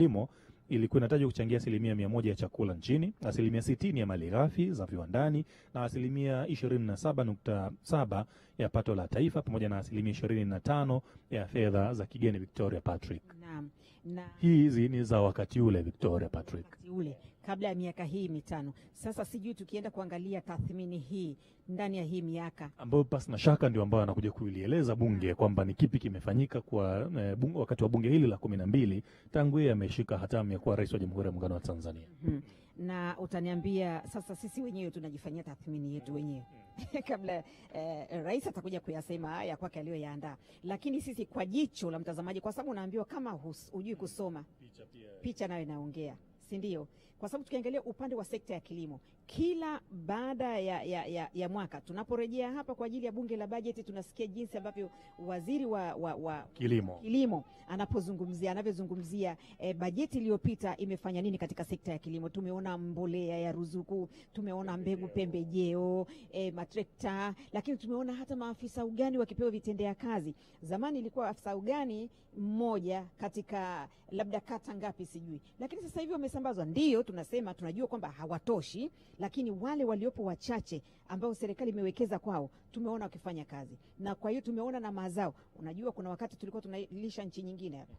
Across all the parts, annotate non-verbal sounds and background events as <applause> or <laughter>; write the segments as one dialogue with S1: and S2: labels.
S1: kilimo ilikuwa inatajwa kuchangia asilimia mia moja ya chakula nchini, asilimia sitini ya mali ghafi za viwandani na asilimia ishirini na saba nukta saba ya pato la taifa pamoja na asilimia ishirini na tano ya fedha za kigeni Victoria Patrick. Naam. Na... hizi ni za wakati ule Victoria Patrick. Wakati ule
S2: kabla ya miaka hii mitano. Sasa sijui tukienda kuangalia tathmini hii ndani ya hii miaka
S1: ambayo pasi na shaka ndio ambayo anakuja kuilieleza bunge mm. kwamba ni kipi kimefanyika kwa e, bunge, wakati wa bunge hili la kumi na mbili tangu yeye ameshika hatamu ya kuwa rais wa Jamhuri ya Muungano wa Tanzania. mm
S2: -hmm. na utaniambia sasa sisi wenyewe tunajifanyia tathmini yetu wenyewe <laughs> kabla e, rais atakuja kuyasema haya kwake aliyoyaandaa, lakini sisi kwa jicho la mtazamaji, kwa sababu unaambiwa kama hus, ujui kusoma picha, picha nayo inaongea si ndio? Kwa sababu tukiangalia upande wa sekta ya kilimo, kila baada ya, ya, ya, ya mwaka tunaporejea hapa kwa ajili ya bunge la bajeti, tunasikia jinsi ambavyo waziri wa, wa, wa kilimo, kilimo anapozungumzia anavyozungumzia eh, bajeti iliyopita imefanya nini katika sekta ya kilimo. Tumeona mbolea ya ruzuku, tumeona mbegu, pembejeo, eh, matrekta, lakini tumeona hata maafisa ugani wakipewa vitendea kazi. Zamani ilikuwa afisa ugani mmoja katika labda kata ngapi sijui, lakini sasa hivi wamesema zinasambazwa, ndio tunasema tunajua kwamba hawatoshi, lakini wale waliopo wachache ambao serikali imewekeza kwao tumeona wakifanya kazi, na kwa hiyo tumeona na mazao. Unajua, kuna wakati tulikuwa tunalisha nchi nyingine hapa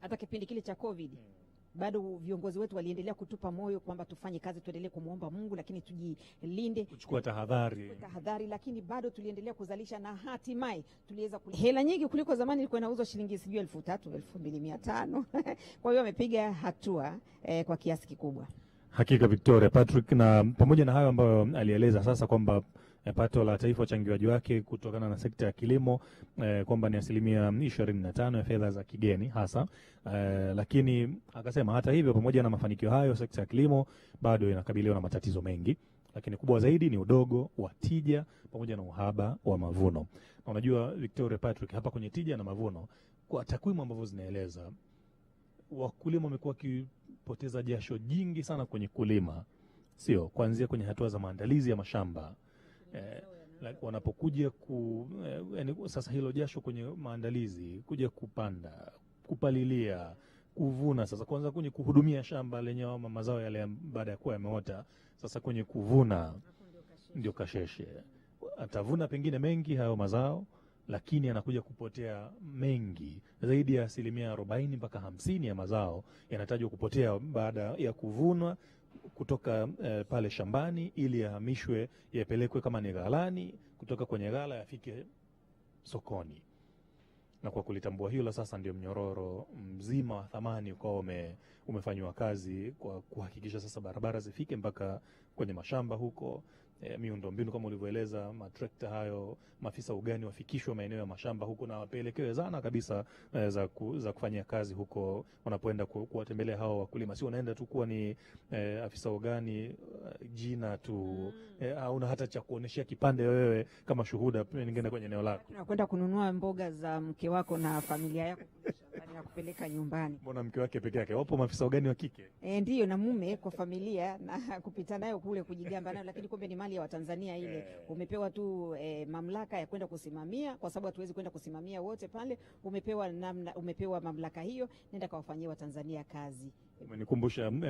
S2: hata kipindi kile cha COVID bado viongozi wetu waliendelea kutupa moyo kwamba tufanye kazi, tuendelee kumwomba Mungu, lakini tujilinde,
S1: kuchukua tahadhari
S2: tahadhari, lakini bado tuliendelea kuzalisha na hatimaye tuliweza hela nyingi kuliko zamani. Ilikuwa inauzwa shilingi sijui elfu tatu elfu mbili mia tano <laughs> Kwa hiyo wamepiga hatua eh, kwa kiasi kikubwa.
S1: Hakika Victoria Patrick, na pamoja na hayo ambayo alieleza sasa kwamba Eh, pato la taifa uchangiwaji wake kutokana na sekta ya kilimo eh, kwamba ni asilimia ishirini na tano ya fedha za kigeni hasa eh, lakini akasema hata hivyo, pamoja na mafanikio hayo, sekta ya kilimo bado inakabiliwa na matatizo mengi lakini kubwa zaidi ni udogo wa tija pamoja na uhaba wa mavuno. Na unajua Victoria Patrick, hapa kwenye tija na mavuno, kwa takwimu ambazo zinaeleza, wakulima wamekuwa wakipoteza jasho jingi sana kwenye kulima, sio kuanzia kwenye hatua za maandalizi ya mashamba wanapokuja ku eh, yani, sasa hilo jasho kwenye maandalizi, kuja kupanda, kupalilia, kuvuna, sasa kwanza kwenye kuhudumia shamba lenye mazao yale baada ya kuwa yameota, sasa kwenye kuvuna ndio kasheshe. Atavuna pengine mengi hayo mazao, lakini anakuja kupotea mengi zaidi ya asilimia arobaini mpaka hamsini ya mazao yanatajwa kupotea baada ya kuvunwa kutoka e, pale shambani ili yahamishwe yapelekwe kama ni ghalani, kutoka kwenye ghala yafike sokoni. Na kwa kulitambua hilo sasa, ndio mnyororo mzima wa thamani ukawa ume, umefanywa kazi kwa kuhakikisha sasa barabara zifike mpaka kwenye mashamba huko, e, miundombinu kama ulivyoeleza, matrekta hayo, maafisa ugani wafikishwe maeneo ya mashamba huko na wapelekewe zana kabisa e, za, ku, za kufanya kazi huko wanapoenda ku, kuwatembelea hao wakulima. Si unaenda tu kuwa ni e, afisa ugani jina tu mm. au na hata cha kuoneshea kipande wewe kama shuhuda, ningeenda kwenye eneo lako,
S2: tunakwenda kununua mboga za mke wako na familia yako <laughs> na kupeleka nyumbani.
S1: Mbona mke wake peke yake? Wapo maafisa ugani wa kike?
S2: E, ndiyo na mume kwa familia na <laughs> kupita nayo kule kujigamba nayo, lakini kumbe ni mali ya Watanzania ile. Yeah. Umepewa tu e, mamlaka ya kwenda kusimamia, kwa sababu hatuwezi kwenda kusimamia wote pale. Umepewa namna, umepewa mamlaka hiyo, nenda kawafanyia Watanzania kazi. Umenikumbusha mm,